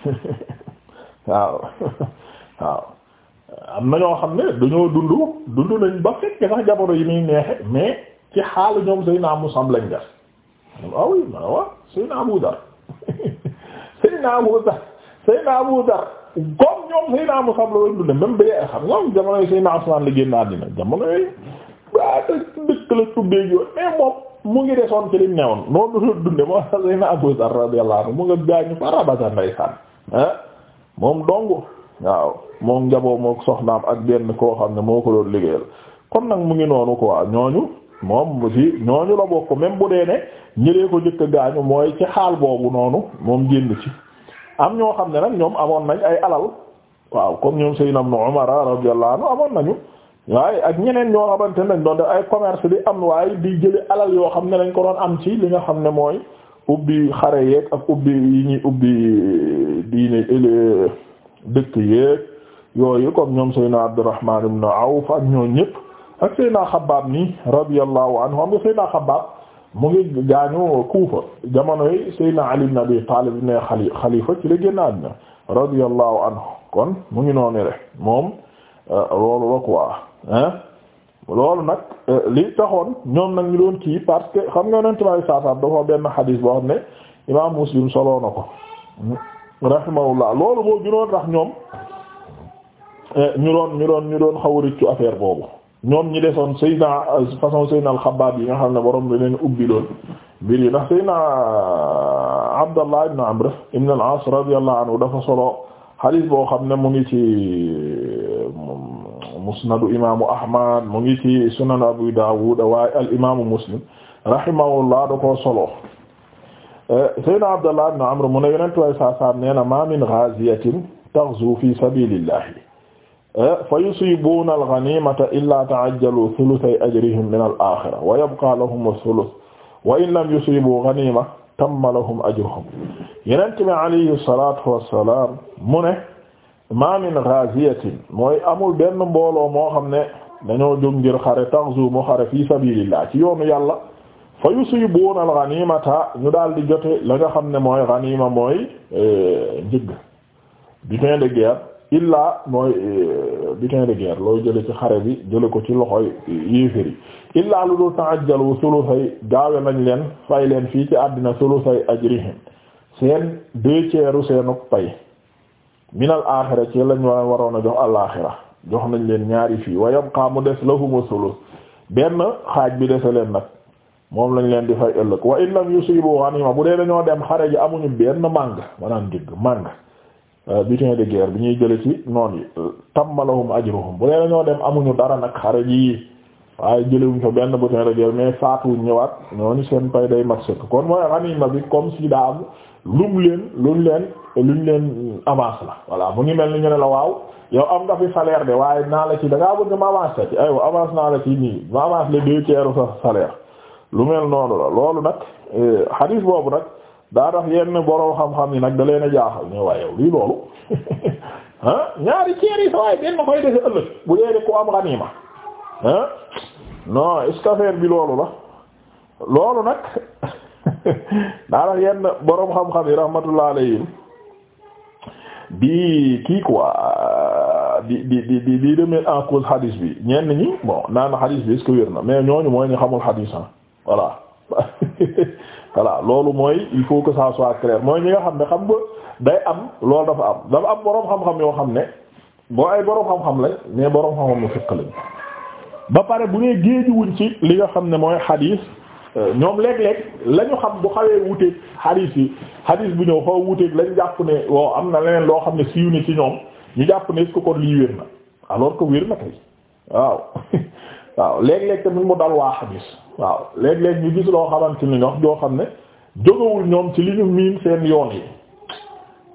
waaw waaw am na ñoo xam ne dañoo dund dund nañ ba fekke sax jamono yi muy neexe mais ci xaalu ñoom Seydina Musab lañ def ah oui ma waaw Seydina Abu Dar Seydina Abu Dar Seydina Abu Dar comme ñoom Seydina dund même ba yee xam ñoom jamono yi Seydina Usmaan la génn àddina jamono yi waa dëkk la tuddee yoon mais moom mu ngi desoon ci li newoon noonu dunde moo Seydina Abu Dar radiyallahu anhu mu nga gaañu fa rabata ndeysaan Eh? moom dong waaw moom njaboo mook soxnaam ak benn koo xam ne moo ko doon liggéeyal kon nag mu ngi noonu ko quoi ñooñu moom si ñooñu la bokk même bu dee ne ñëlee ko njëkk a gaañu mooy ci xaal boobu noonu moom génn ci am ñoo xam ne nag ñoom amoon nañ ay alal waaw comme ñoom Seydina Ibn Umar radiyallahu anhu amoon nañu waaye ak ñeneen ñoo xamante ne doon def ay commerce di am waaye di jëli alal yoo xam ne dañ ko doon am ci li nga xam ne mooy. ubbi xare yeeg ak ubbi yi ñuy ubbi e, diine dëkk yeeg yooyu comme ñoom Seydina Abdurrahman ibn Awf ak ñoo ñëpp ak Seydina Xabbaab nii radiyallahu anhu am nga Seydina Xabbaab mu ngi gaañu Kuufa jamonoy Seydina Ali ibn Abi Talib ne xali xalifa ci la génnaat na radiyallahu anhu kon mu ngi noonu rek moom e, loolu la quoi loolu nag euh, li taxoon ñoom nag ñu doon kii parce que xam nga yonent bi saa dafa benn xadis boo xam ne imaam Muslim soloo na ko rahimahullah loolu moo gënoon tax ñoom euh, ñu doon ñu doon ñu doon xaw a affaire boobu ñoom ñi desoon Seydina euh, façon Seydina al-Xabbaab yi nga xam ne borom bi leen ubbi lool mbir yi ndax Seydina Abdallah ibn Amr ibn al-As radiyallahu dafa solo xadis boo xam ne mu ngi ci. musnadu imaamu Ahmad mu ngi ci sunan Abu Dawud waaye al imaamu Muslim rahimahullah da koo solo. Sayyidina Abdallah ibn Amr mu ne Yonent bi saa saa nee na ma min ghaziyatin taghzu fi sabilillahi fa yusibuna al-ghanimata illa ta'ajjalu thuluthay ajrihim min al-akhirah wa yabqa lahum ath-thuluth wa in lam yusibu ghanima tamma lahum ajruhum Yonent bi alayhi salatu wassalam mu ne ma min mooy amul benn mbooloo moo xam ne dañoo jóg ngir xare taxzu mu xare fi sabilillah ci yoonu yàlla fa yusibuuna al ghanimata ñu daal di jote la nga xam ne mooy ghanima mooy euh, njëgg butin de guerre illa mooy euh, butin de guerre looy jële ci xare bi jële ko ci loxoy yéeféri illa lu dul ta'ajjalu sulusay gaawe nañ leen fay leen fii ci àddina sulusay ajrihim seen deux tiers seenu pay minal aaxira ci lañ waroon a jox alaaxira jox nañ leen ñaari fii wa yabqa mu des lahumu sulus benn xaaj bi dese leen nag moom lañ leen di fay ëllëg wa in lam yusibu bu dee dañoo dem xare ji amuñu benn màng maanaam digg màng euh, butin de guerre bi ñuy jële ci noon yi euh, tammalahum ajruhum bu dee dañoo dem amuñu dara nag xare ji waaye jëlewuñ fa benn butin de guerre mais faatuwuñ ñëwaat ñooñu seen pay day mat sëkk kon mooy ganima bi comme si daa am lum leen luñ leen luñ leen avance la voilà mu ngi mel ni ñu ne la waaw yow am nga fi salaire de waaye naa la ci da ngaa bëgg ma avance la ci aywa avance naa la ci nii ma avance la deux tiers sa salaire lu mel noonu la loolu nag eh, hadis boobu nag daa tax yenn borom xam-xam yi nag da leen a jaaxal ñu waaye yow lii loolu ah ñaari hein non est-ce bi loolu la loolu nag daanaka yenn boroom xam-xam yi rahmatullah alayhim di kii ko di di di di di remettre en cause hadis bi ñenn ñi bon naan hadis bi est-ce na mais ñooñu mooy ñu xamul hadis ah voilà voilà loolu mooy il faut que ça soit clair mooy ñi nga xam ne xam nga day am loolu dafa am dafa am boroom xam-xam yoo xam ne boo ay boroom xam-xam lañ mais boroom xam-xam mu fiq lañ. ba pare bu nee géejuwuñ ci li nga xam ne mooy xadiis euh, ñoom léeg-léeg lañu xam bu xawee wuteeg xadiis yi xadiis bu ñëw xaw wuteeg lañ jàpp ne wow am na leneen loo xam ne siiw ni ci ñoom ñu jàpp ne est-ce kon lii wér na alors que wér na kay waaw waaw léeg-léeg tamit mu dal waa xadiis waaw léeg-léeg ñu gis loo xamante ni wax joo xam ne jógawul ñoom ci li ñu miin seen yoon yi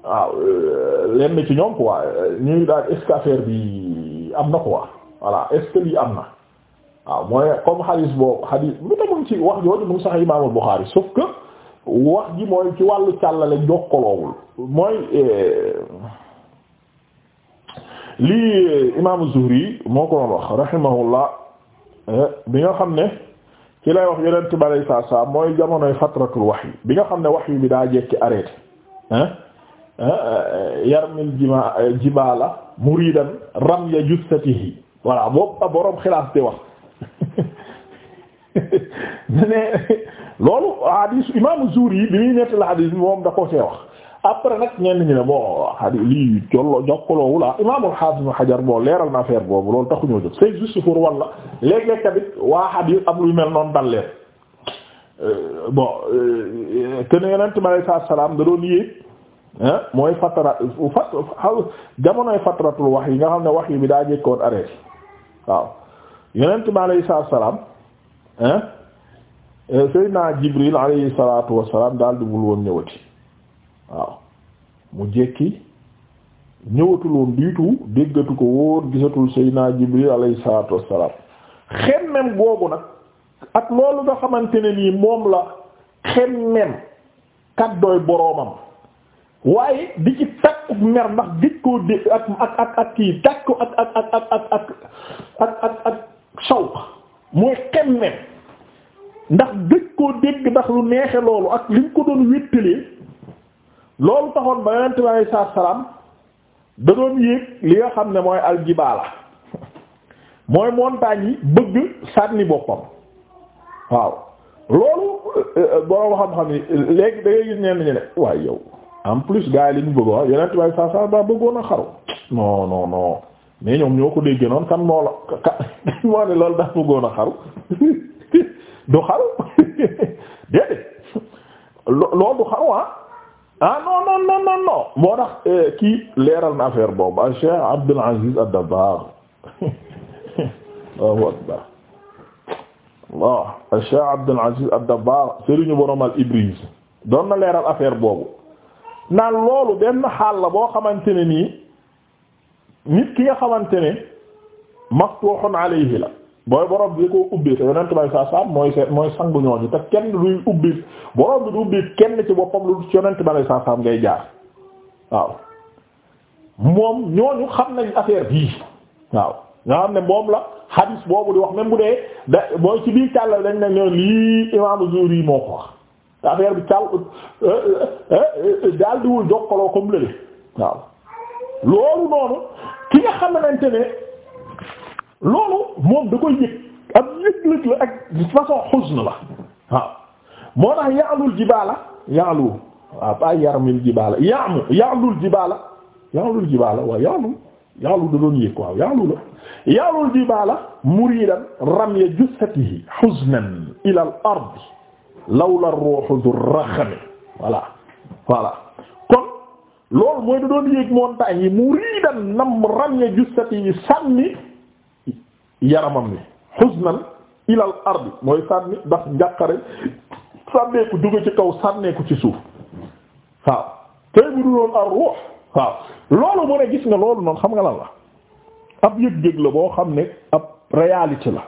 waaw euh, lenn ci ñoom quoi ñuy daal est-ce affaire bi am na quoi voilà est-ce lii am na waaw mooy comme xadis boobu xadis mu tamun wax jooju sax imaamul Buxaari sauf que wax ji mooy ci wàll càllale jokkaloowul mooy eh, lii eh, imaamu Zuhri moo ko doon wax rahimahullah eh, bi nga xam ne ci lay wax yeneen tubaab yi saa saa mooy jamonoy fatratul wahyi bi nga xam ne wahyi bi daa jekki arrêté ah yarmil jima jibaala muridan ramya jussatihi voilà boobu borom xilaas di wax. ne loolu hadis imaamu Zuhri bi muy nettali hadis bi moom da ko see wax après nag ñenn ñi ne bon hadis lii jollo jokkaloowu la imaamul Haafiz Ibn Hajar bon leeral na affaire boobu loolu taxuñoo jóg c'est juste pour walla léeg-léeg tamit waa hadis am lu mel noonu dal leen euh, bon te euh, ne Yonent mi alayhi salaam da doon mooy fatara fat jamonoy wax yi nga xam ne wax yi bi daa jëkkoon arrêté waaw yonent bi alayhi salaatu salaam euh, Seydina Jibril alayhi salaatu wassalaam daal di wul woon ñëwati waaw mu jekki ñëwatul woon diitu déggatu ko wóor gisatul Seydina Jibril alayhi salaatu wassalaam xemmem googu nag ak loolu nga xamante ne nii moom la xemmem kaddooy boroomam waaye di ci takku mer ndax gëj koo dé ak ak ak ak ak ak ak ak ak ak ak sawq mooy xemmem ndax gëj koo dégg ndax lu neexe loolu ak liñ ko doon wéttalee loolu taxoon ba yonent bi alei salaatu salaam da doon yéeg li nga xam ne mooy aljibaala mooy montagne yi bëgg sànni boppam waaw loolu euh, euh, borom xam-xam ni léegi da ngay gis ñenn ñi ne waaye yow en plus gars yi li ñu bëgg wax yonent bi alei salaatu salaam daa bëggoon a xaru non non non mais ñoom ñoo ko dégg noonu kan moo la kan moo ne loolu daa bëggoon a xaru du xaru déedéet loolu du xaru ah ah non non non non non moo tax eh, kii leeral na affaire boobu ah Cheikh Abdul Aziz ad-Dabbagh waaw waaw ah Cheikh Abdul Aziz ad-Dabbagh sëriñu al Ibriz doon na leeral affaire boobu naan loolu benn xaal la boo xamante ne nii. nit ki nga xamante ne maftuhun alayhi la booy borom bi ko ubbi te yonent bay saa saam mooy se mooy sangu ñooñu te kenn duy ubbi borom bi du ubbi kenn ci boppam lu ci yonent bay saa saam ngay jaar waaw moom ñooñu xam nañ affaire bii waaw nga xam ne moom la hadis boobu di wax même bu dee da mooy ci biir càll dañ ne ñoo lii imaamu Zuhri moo ko wax te affaire bi càll euh, euh, euh, daal diwul jokkaloo comme lële waaw loolu noonu ki nga xamante ne loolu moom da koy yëg ak yëg-yëg la ak façon xusn la waaw moo tax ya'lul jibaala ya'lu waaw pas yarmil jibaala ya'mu ya'lul jibaala ya'lul jibaala waaw ya'lu ya'lu da doon yëg waaw ya'lu la ya'lul jibaala muridan ramya jasadihi huznan ila al-ard lawla ar-ruhu dhur-rakham voilà voilà loolu mooy da doon yéeg montagne yi muridan nam ram ya justati yi sànni yaramam ni xusnan ilal ardi mooy sànni ndax njàqare sànneeku jóge ci kaw sànneeku ci suuf waaw tey bu du doon ar ruux waaw loolu mu ne gis nga loolu noonu xam nga lan la ab yëg-yëg la boo xam ne ab réalité la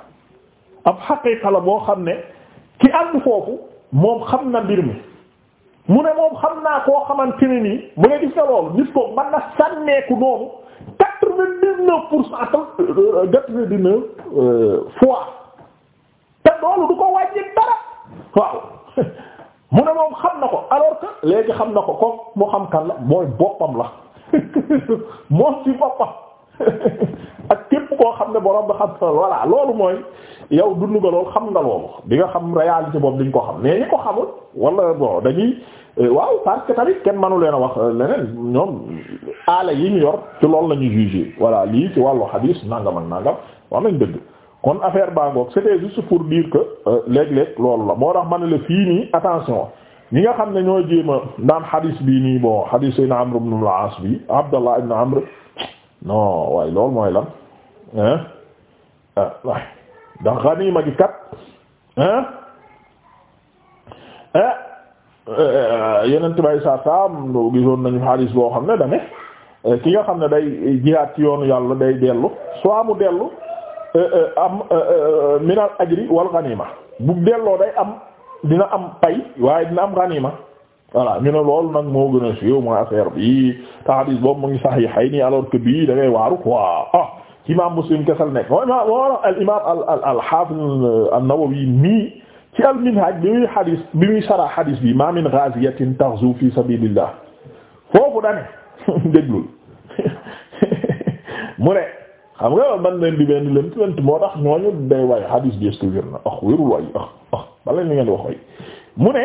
ab xaqiiqa la boo xam ne ki ànd foofu moom xam na mbir mi mu ne moom xam naa koo xamante ne nii mu ne gis nga loolu gis ko mën na sànneeku noonu quatre vingt dix pour cent euh, quatre vingt dix euh, fois te loolu du ko wàññi dara waaw mu ne moom xam na ko alors que léegi xam na ko ko mu xam kan la mooy boppam la moom ci boppam koo xam ne borom bi xam sa voilà loolu mooy yow dund nga loolu xam nga loolu bi nga xam réalité boobu liñ ko xam ne ñi ko xamul wala bon dañuy euh, waaw parce tamit kenn mënu leen a wax euh, leneen ñoom aala yi yor ci loolu la ñu jugé voilà lii ci wàllu xadiis nangam ak nangam wax nañ dëgg kon affaire baa pour dire que euh, léeg-léeg loolu la moo tax ma ne la fii nii attention ñi nga xam ne ñoo jéema naan xadiis bii nii bon xadiis Seydina bu ibn al-As bi Abdallah ibn Amr non waaye loolu mooy la ah ah ndax ganiima gi kat ah ah yeneen tubay saa saam gisoon nañu xaalis boo xam ne da eh, ki nga xam ne day jihaat ci yoonu yàlla day dellu soo amu dellu eh, eh, am minal ajri wal ganiima bu delloo day am dina am pay waaye dina am ganiima voilà ñu ne loolu nag moo gën a siiw mooy affaire bi te boobu mu ngi saxiixayni alors que bii da waaru quoi ah! ci imaam Muslim kesal al imaam al al al Haafiz an-Nawawi nii ci al-Minhaaj bi muy xadis bi bi ma min ghaaziyatin taghzu fi sabiilillah foofu dane déglul mu ne xam nga man leen di benn leen lent moo tax ñooñu day waay xadis bi est-ce que wér na ax wérul waay ax ax bala ñu ngeen wax way mu ne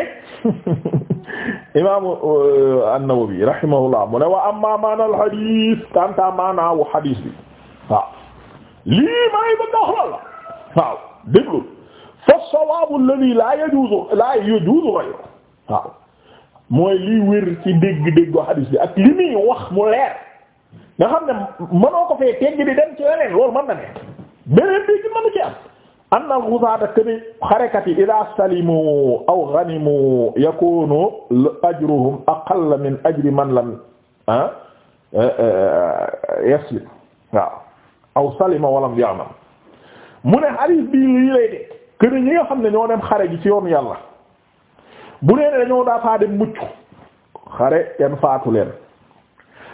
imaamu euh, an-Nawawi rahimahullah mu ne maana al-hadiis bi waaw lii maa ngi bëgg a wax la waaw déglu fa sawaabu alladhi laa yajuuzu laa yajuuzu ghayru waaw mooy lii wér ci dégg-déggu hadis bi ak li muy wax mu leer nga xam ne mënoo ko fee tegg di dem ci leneen loolu mën na ne beneen bi ci mënu ci am anna al-ghuzaata kene xarekat yi idaa salimu aw ghanimu yakunu ajruhum aqalla min ajri man lam ah, eh, eh, eh, yaslim waaw aw salima walam ya'lam mu ne hadith bii lii lay de kër ñi nga xam ne ñoo dem xare gi ci yoonu yàlla bu nee ne dañoo daa faa dem mucc xare kenn faatu leen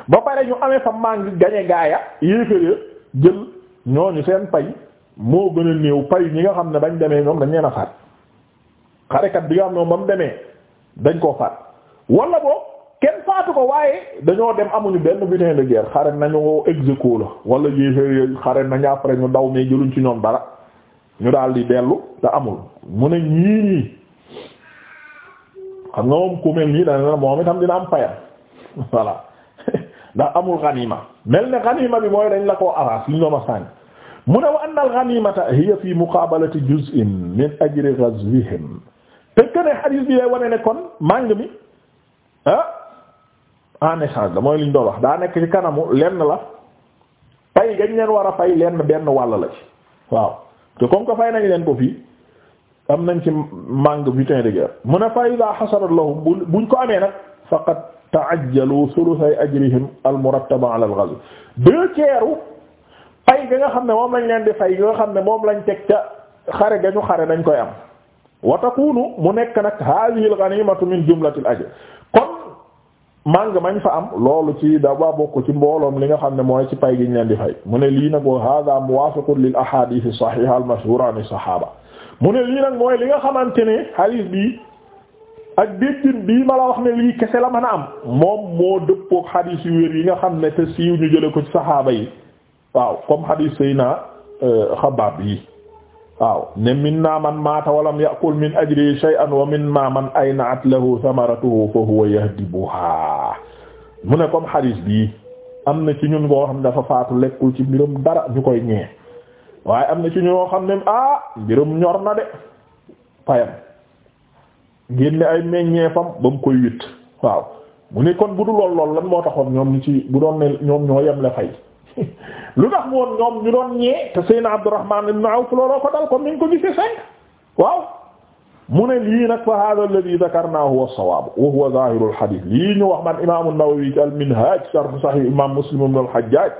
ba pare ñu amee fa màng gañe gaaya yéeféer jël ñooñu seen pay moo gën a néew pay ñi nga xam ne bañ demee ñoom dañ leen a faat xarekat bi nga xam ne ba mu demee dañ koo faat wala boo kenn faatu ko waaye dañoo dem amuñu benn butin de guerre xare nañu ko exéco la wala yéexee xare nañu après ñu daw mais jëluñ ci ñoom dara ñu daal di dellu te amul mu ne ñii xam nga moom ku mel nii dana la moom itam dina am payam voilà ndax amul ganima mel ne ganima bi mooy dañ la koo avance li ñu doon mu ne wa anna al ganimata hiya fi muqabalati juz'in min ajri ghazwihim te ne hadith bi lay wane ne kon màng mi ah en échange la mooy li ñu doon wax daa nekk ci kanamu lenn la pay gañ leen war a fay lenn benn wàll la ci waaw te comme que fay nañ leen ko fii am nañ ci manque butin de guerre mu ne fa ida xasarat lahum buñ ko amee nag faqad ta'ajjalu thuluthay ajrihim al murattaba ala al ghazw deux tiers pay ga nga xam ne moom lañ leen di fay nga xam ne moom lañ teg ca xare gañu xare dañ koy am wa takunu mu nekk nag hadhihi al ghanimatu min jumlatil ajr màng mañ fa am loolu ci dafa bokk ci mbooloom li nga xam ne mooy ci pay gi leen di fay mu ne lii nag wa hada muwaafiqun lil ahadith as-sahiha a mashhura an as mu ne li nag mooy li nga xamante ne hadith bi ak déggin bii ma la wax ne lii kese la mën a am moom moo dëppook hadith yu wér yi nga xam ne te siiw ñu jële ko ci saxaaba yi waaw comme hadith sayna euh, xabaab yi waaw ne minna man maata walam ya'kul min ajri shay'an wa minna man ayna'at lahu thamaratuhu fa huwa yahdibuha mu ne comme xadiis bii am na ci ñun ngoo xam ne dafa faatu lekkul ci mbirum dara ñu koy ñee waaye am na ci ñoo xam ne ah mbirum ñor na de payam génne ay meññeefam ba mu koy witt waaw mu ne kon bu du lool lool lan moo taxoon ñoom ñi ci bu doon ne ñoom ñoo yem fay lu tax moom ñoom ñu doon ñee te Seydina Abdurrahman ibn Awf looloo ko dal comme niñ ko gisee say waaw mu ne lii nag fa hada alladhi dhakarnahu huwa as-sawab wa huwa zahiru al-hadith lii ñu wax man imam an-Nawawi ci al-Minhaj sharh sahih imam Muslim ibn al-Hajjaj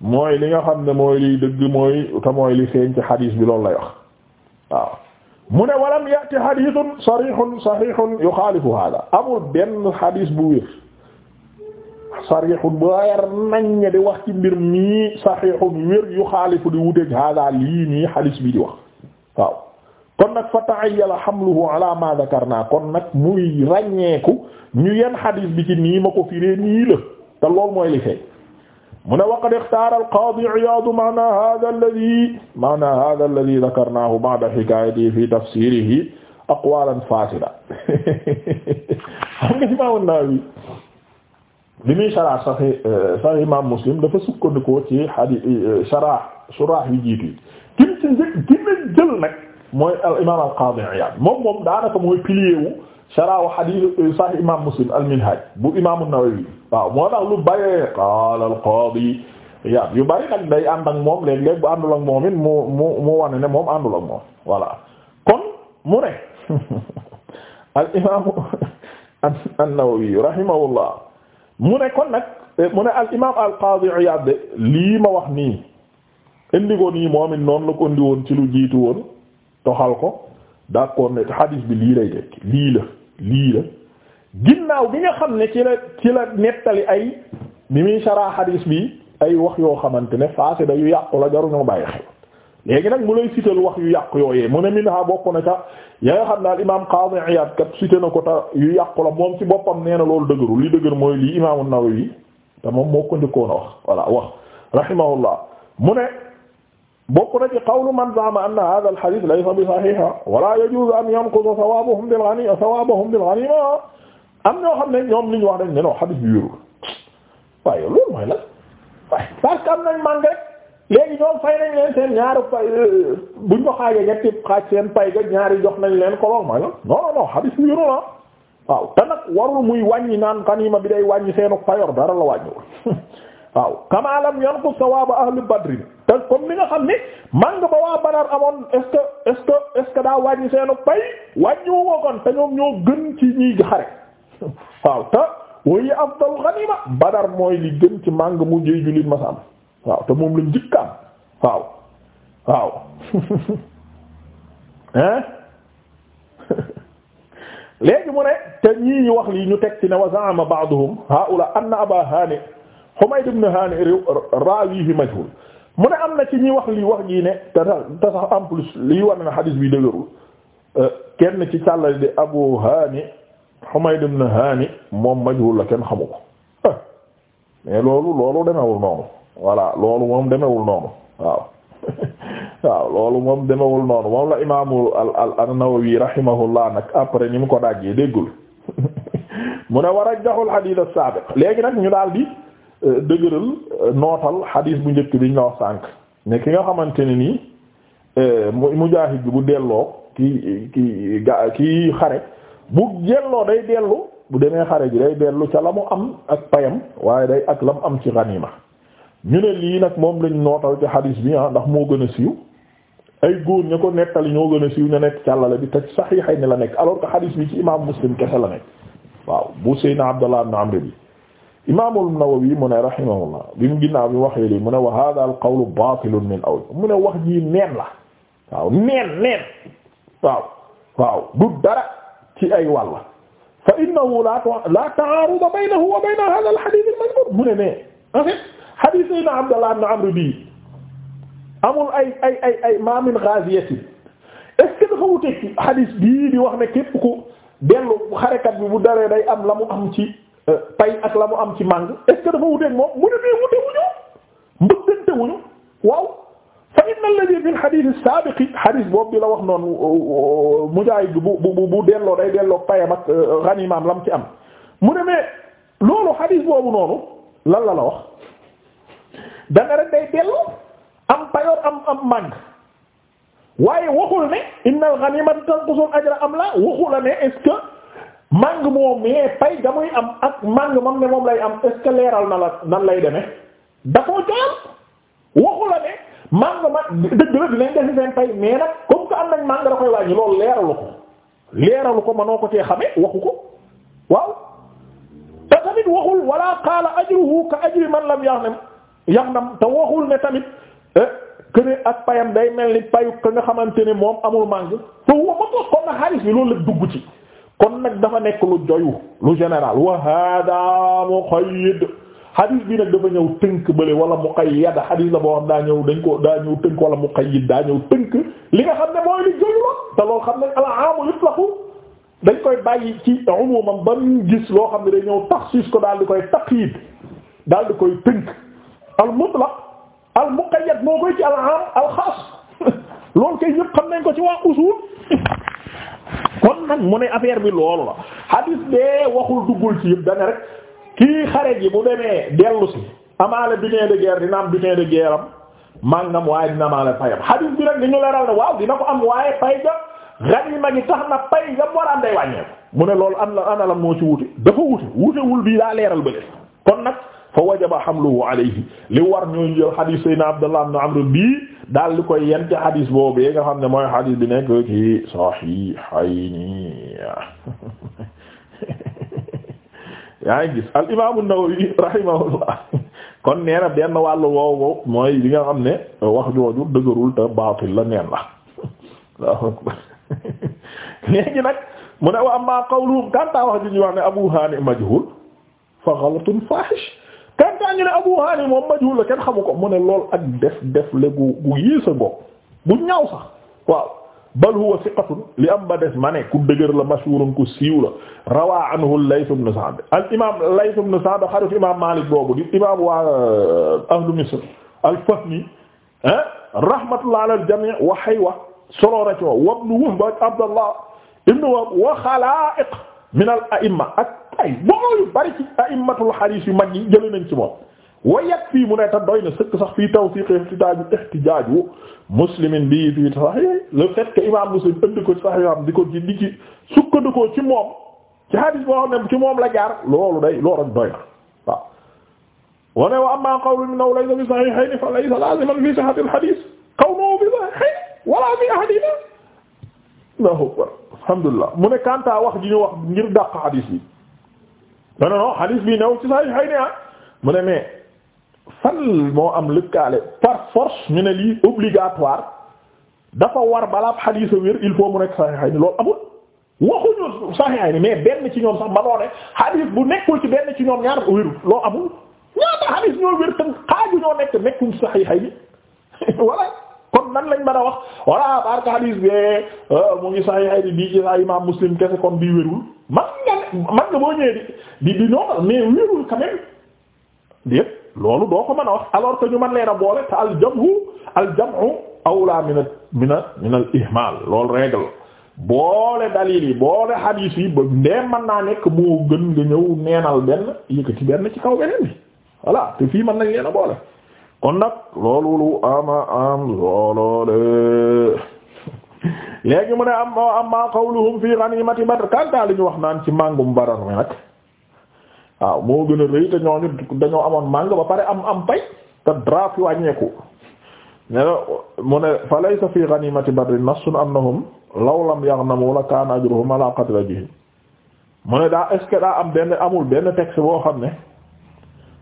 mooy li nga xam ne mooy liy dëgg mooy te mooy li feeñ ci hadith bi loolu lay wax waaw mu ne walam ya'ti hadithun sarihun sahihun yukhalifu hada amul benn hadith bu wér sarihun bayar naññe di wax ci mbir mii sahihun wér yu xaalifu di wuteeg hada lii nii xadis bi di wax waaw kon nag fa ta'ayyala hamluhu ala ma dhakarna kon nag muy ràññeeku ñu yenn xadis bi ci nii ma ko firee nii la te loolu mooy li fay mu ne waqad ixtaara al-qaadi Iyaad ma'na haaza alladii ma'na haaza alladii dhakarnaahu ba'da hikaayatihi fii tafsiirihi aqwaalan faasida xam nga Imaam An-Nawawi li muy sarah saxi euh, imam muslim dafa sukkandikoo ci hadith euh, sarah surah yi jiitu yi kim ci njëkk gina jël nag mooy al imam al sarah hadith euh, imam muslim al bu imam an yu bëri moom léeg-léeg bu àndul mu wane ne moom àndul ak moom voilà mu ne al imam an-nawawi mu ne kon nag eh, mu ne al imaam al qaadi Iyaad lii ma wax nii indi ko nii moom it noonu la ko indi woon ci lu jiitu woon toxal ko d'accord ne hadis bi lii lay dekk lii la lii la ginnaaw bi nga xam ne ci la ci la nettali ay bi muy saraa hadis bi ay wax yoo xamante ne faase dayu yàqu la jaruñoo bàyyi xel léegi nag mu lay sital wax yu yàqu yooyee mu ne minha bokk na ca ya nga xam ne al imaam Qaadi Iyaad kat cité na ko ta yu yàqu la moom ci boppam nee na loolu dëgëru li dëgër mooy lii imaam An-Nawawi te moom moo ko njëkkoon a wax voilà wax rahimahullah mu ne bokk na ci qawlu man za'ama anna hadha al-hadith laysa bi sahiha wala yajuzu an yanqusa thawabuhum bil ghanima thawabuhum bil ghanima am ñoo xam ne ñoom li ñu wax dañ ne non hadith bi wérul waaye loolu mooy la waaye parce que am nañ màng rek léegi ñoom fay nañ leen seen ñaari pay buñ ko xaajee ñetti xaaj seen pay ga ñaari jox nañ leen ko lool mooy la non non non xadis la ah. waaw te nag warul muy wàññi naan xaniima bi day wàññi seenu payor dara la wàññiwul waaw kamaa lam yanqus sawaaba ahli badrin te comme ni nga xam ni man nga ba waa badar amoon est-ce que est-ce que est-ce que daa wàññi seenu pay wàññiwu ko kon te ñoom ñoo gën ci ñiy xare waaw te woyu afdalu xaniima badar mooy li gën ci màng mu jëy jullit ma waaw te moom lañ njëkkaam waaw waaw hein léegi mu ne te ñii wax lii ñu teg ci ne wa za'ama ba'duhum haula anna aba hani humayd ibn hani rawihi majhul mu ne am na ci ñi wax lii wax jii ne te te sax en plus lii war na xadiis bi dëgërul euh, kenn ci càllal di abu hani humayd ibn hani moom majhul la kenn xamu ko eh, mais loolu loolu demewul noonu voilà loolu moom demewul noonu waaw waaw loolu moom demewul noonu moom la imaamu al al nawawi rahimahullah nag après ni mu ko dajjee déggul mu ne war a jaxul xadiis as-saabiq léegi nag ñu daal di euh, dëgëral euh, nootal xadiis bu njëkk bi ñu la wax sànq ne ki nga xamante ne nii euh, mujaahid bi bu delloo ki ki ga ki xare bu delloo day dellu bu demee xare ji day dellu ca la mu am ak payam waaye day ak la mu am ci ganiima ñu ne lii nag moom lañ nootal ci xadiis bi ah ndax moo gën a siiw ay góor ña ko nettali ñoo gën a siiw ña nekk càllale bi te ay ni la nekk alors que xadiis bi ci imaam muslim kese la nekk waaw bu seyna abdallah ibn amr bi imaamul nawawi mu ne rahimahullah bi mu ginnaaw bi mu waxee lii mu ne wa hada al qawlu batilun min wax jii neen la waaw du dara ci ay wàll fa la la ta'aruda baynahu wa bayna hada al hadith al mu ne ne en xadiis yi na Abdallah ibn Amr bi amul ay ay ay ay maamin ghaziyatin est-ce que dafa wuteeg xadiis bii di wax ne képp ku dellu xarekat bi bu daree day am la mu am ci euh, pay ak la mu am ci màng est-ce que dafa wuteeg moom mu ne nee wute wuñu mbëggante wuñu waaw fa inna boobu bi la wax noonu euh, euh, mujaahid bu bu bu delloo day delloo payam ak ganimaam la mu ci am mu ne loolu hadith boobu noonu lan la la wax. danga rek day dellu am payoor am am màng waaye waxul ne innal ghanimata tanqusul ajra am la waxula ne est màng moom mee pay ga am ak màng mam ne moom lay am est-ce leeral na la nan lay demee da koo waxula ne màng ma dëgg la dinañ seen pay mais nag comme que am nañ màng da wàññi loolu leeralu ko leeralu ko manoo ko cee waxu ko waaw te tamit waxul wala qaala ajruhu ka ajri man lam ya'lam yaxnam te waxul ne tamit këne eh, ak payam day mel ni payu ka nga xamante ne moom amul màng te woo ma tos kon nag xaalis bi loolu la dugg ci kon nag dafa nekk lu joyu lu général wa hada muqayyid xadiis bi nag dafa ñëw tënk bële wala muqayyad xadiis la boo xam daa ñëw dañ ko daa ñëw tënk wala muqayyid daa ñëw tënk li nga xam ne mooy li joyu la te loolu xam ne ala amu yutlaqu dañ koy bàyyi ci umumam ba mu gis loo xam ne day ñëw taxsiis ko daal di koy taqyid daal di koy tënk al mutlaq al muqayyad moo koy ci al aam al xaas kay ñëpp xam nañ ko ci waa usul kon nag mu ne affaire bi loolu la hadith bee waxul duggul ci yëpp dana rek kii xare bu demee dellu amaale butin de guerre dina am butin de guerre am màngam waaye dina amaale payam hadith bi nag dañu leeral ne waaw dina ko am waaye pay ga ganima gi tax na pay ga war a am day wàññeeku mu ne loolu am na ana la moo ci wuute dafa wuute wuutewul bii daa leeral bële kon nag fa wajaba hamluhu alayhi li war ñooñu jël hadith sayna Abdullah ibn Amr bii daal li koy yente hadith boobee nga xam ne mooy hadith bi nekk ci sahihayni yaa ngi gis al imam an-Nawawi kon nee benn wàllu woowu mooy li nga xam ne wax jooju dëgërul te baatil la neen la léegi nag mu ne wa amma qawlu kanta wax ji ñu wax ne Abu Hani majhul fa ghalatun fahish kantaa ñu ne Abu Haani moom majhul la kenn xamu ko mu ne lool ak def def la gu gu yiisa bal huwa thiqatun li am ba des ma ne ku dëgër la mashhuurun ku siiw la rawaa anhu Layth ibn Sa'd al imam Layth ibn di imam waa eh, ahlu Misr al Fahmi eh, rahmatullah ala al jami' wa Haywa sorora ci wa ibn Wahb Abdullah ibn Wahb wa xalaa'iq min al a'imma ay mbooloo yu bari ci yu mag yi jëlee nañ ci moom. wayat fii mu ne te doy na sëkk sax fii tawsiq ihtijaaju ihtijaaju muslimin bii fii sahih le fait que imam muslim indi ko ci sahih am di ko ci di ci sukkandikoo ci moom ci hadith moom la jaar loolu day loolu doy na waaw. wane wa amma qawlu innahu laysa bi sahihayn fa laysa laziman fi sihhati al-hadith qawluhu bi sahihayn wala fi ahadihima alhamdulillah mu ne Kantaa wax ji ñu wax ngir dàq hadith non non xadis bi new ci saa yu xëy mu ne mais fan moo am lëkkaale par force ñu ne lii obligatoire dafa war balaa xadis a wér il faut mu nekk saa yu xëy na loolu amul. waxuñu saxiixay ni mais benn ci ñoom sax manoo ne xadis bu nekkul ci benn ci ñoom ñaar wéru loo amul ñaata xadis ñoo wér tam xaaju ñoo nekk nekkuñ saxiixay ni voilà kon nan lañ mën a wax voilà barka xadis bee mu ngi saxiixay ni bii ci sa imam muslim kese kon bii wérul man nga man nga boo ñëwee di di noonu mais wéerul quand même loolu doo ko mën a wax alors que ñu man leen a boole te al jamhu al awla min al ihmal loolu règle boole dalil yi boole hadith yi ba ndee mën naa nekk moo gën nga ñëw neenal benn yëkkati benn ci kaw beneen bi voilà te fii mën nañ leen a boole kon nag loolu lu ama am looloo léegi mu ne am amma qawluhum fi ghanimati Badr kanta li ñu wax naan ci màngum Badr mi nag waaw moo gën a rëy te ñooñu dañoo amoon màng ba pare am am pay te drap fi wàññeeku ne mu ne fa laysa fi ghanimati Badr nassun annahum law lam yaghnamu la kaana ajruhum ala qadri mu ne daa est daa am benn amul benn texte boo xam ne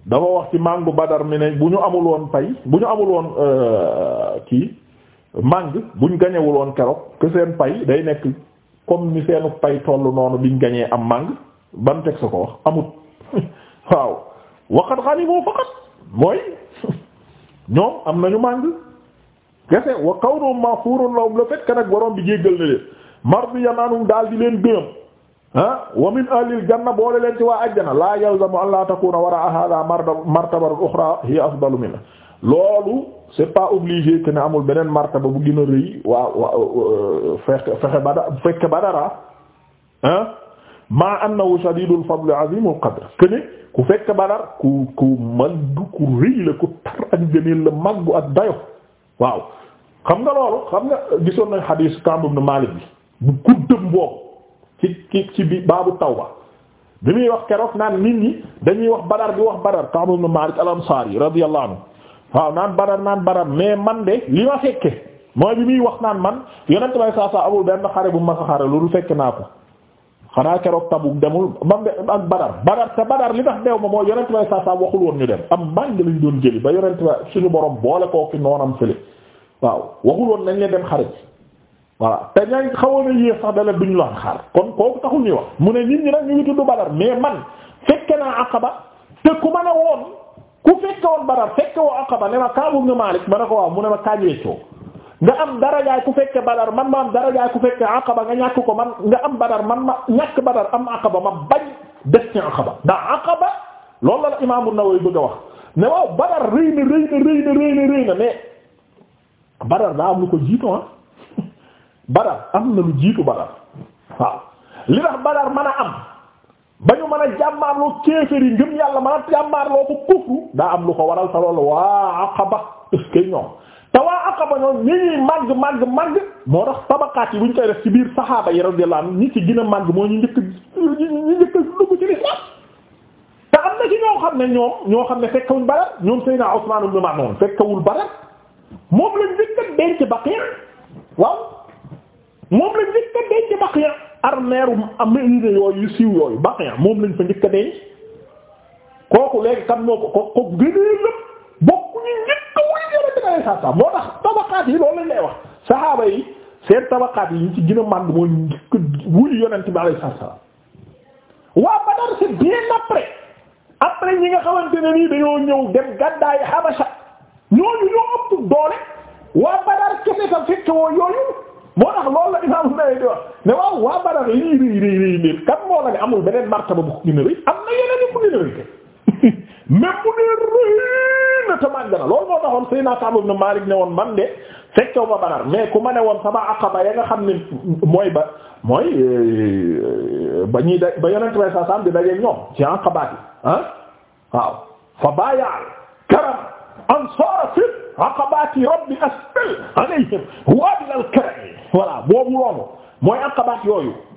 dafa wax ci màngu Badar mi ne bu ñu amul woon pay bu ñu amul woon euh, kii màng buñ gañewul woon keroog que seen pay day nekk comme ni seenu pay tollu noonu biñ gañee am màng ban teg sa ko wax amut waaw waxat xanimoo faqat mooy ñoom am nañu màng gese wa kawnum maghfurun lahum le fait que nag borom bi jéggal na leen mardiyan anhum daal di leen gërëm ah wa min ahlil janna boole leen ci waa ajjana la yalzamu an la takuna wara hadha martabatun ukhra hiya afdalu minha loolu c'est pas obligé que ne amul beneen martaba bu gën a rëy waa waa euh, fexe fexe ba fekke badara ah maa annahu shadidul fadl azimul qadr kene ku fekk badar ku ku magg ku rëy la ku tar ak la maggu ak dayo waaw xam nga loolu xam nga gisoon nañ xadiis Kaab ibn Maalik bi bu guddëm boobu ci ci bi baabu tawba bi muy wax keroog naan nit ñi wax badar gi wax badar Kaab ibn Maalik al-Ansaari radiyallahu anhu waaw naan badar naan badar mais man de li ma fekke mooy bi muy wax naan man yonent bay saa saa amul benn xare bu ma sa xare loolu fekke naa ko xanaa keroog Tabuk demul mam de ak badar badar te badar li tax deew ma mooy yonent bay saa saa waxul woon ñu dem am màng lañ doon jëli ba yonent ba suñu borom boole koo ki noonam fële waaw waxul woon nañ leen dem xare bi voilà te ña xawoon a yéex sax dala duñ loon xaar kon kooku taxul ñuy wax mu ne nit ñi nag ñu ngi tudd badar mais man fekke naa Aqaba te ku ma ne ku fekke woon badar fekke woo aqaba ne ma kaabum na Maalik ma ne ko waaw mu ne ma kaaj weccoo nga am darajaay ku fekke badar man ma am darajaay ku fekke aqaba nga ñàkk ko man nga am badar man ma ñàkk badar am aqaba ma bañ des ci aqaba ndax aqaba loolu la Imaam An-Nawawi bëgg a wax ne waaw badar rëy na rëy na rëy na rëy na rëy na badar daa am lu ko jiitu ah badar am na lu jiitu badar waaw li tax badar mën a am ba ñu mën a jàmmaarloo kéefër yi yàlla mën a jàmmaarloo ko kufru daa am lu ko waral te loolu waa Aqaba est ñoom te waa Aqaba ñoom ñi ñuy màgg màgg màgg moo tax tabakaat yi bu ñu koy def ci biir saxaaba yi radiyallahu anhu ñi màgg moo ñu njëkk ñu njëkk dugg ci lislaam te am na ci ñoo xam ne ñoom ñoo xam ne fekkewuñ Badar ñoom Seydina Usmaan ibn Ma'mun fekkewul Badar moom lañ njëkk a denc waaw moom lañ njëkk a denc armeeru Médina yooyu yu siiw yooyu Baqi' moom lañ fa njëkk a denc kooku léegi kan moo ko ko ko gënee a wéy yore bi lay wax saxaaba yi seen tabaqaat yi ñu ci njëkk wuyu yonent bi alayhi salaam waa Badar c'est bien après après ñi nga xamante ne nii dañoo ñëw dem gàddaay Habasha ñooñu ñoo ëpp doole waa Badar kese tam fekk woo yooyu. moo tax loolu la imam Nawawi di wax ne waaw waa Badar lii moo la amul beneen martaba bu ko gën a rëy am na yeneen yu ko gën a rëy mais bu dee rëy na tamit gën a loolu moo taxoon Seydina Ka'b ibn Malik ne woon man de fekkew ma Badar mais ku ma ne woon sama aqaba ya nga xam ne mooy ba mooy euh, euh, ba ñuy da ba Yonent bi sallallahu alayhi wasallam di dajeeg ñoom ci aqabaat ah waaw fa baayaal karam. ansaar fi aqabaati rabbi as'al alayhim wa bil karam voilà boobu loolu mooy aqabaat yooyu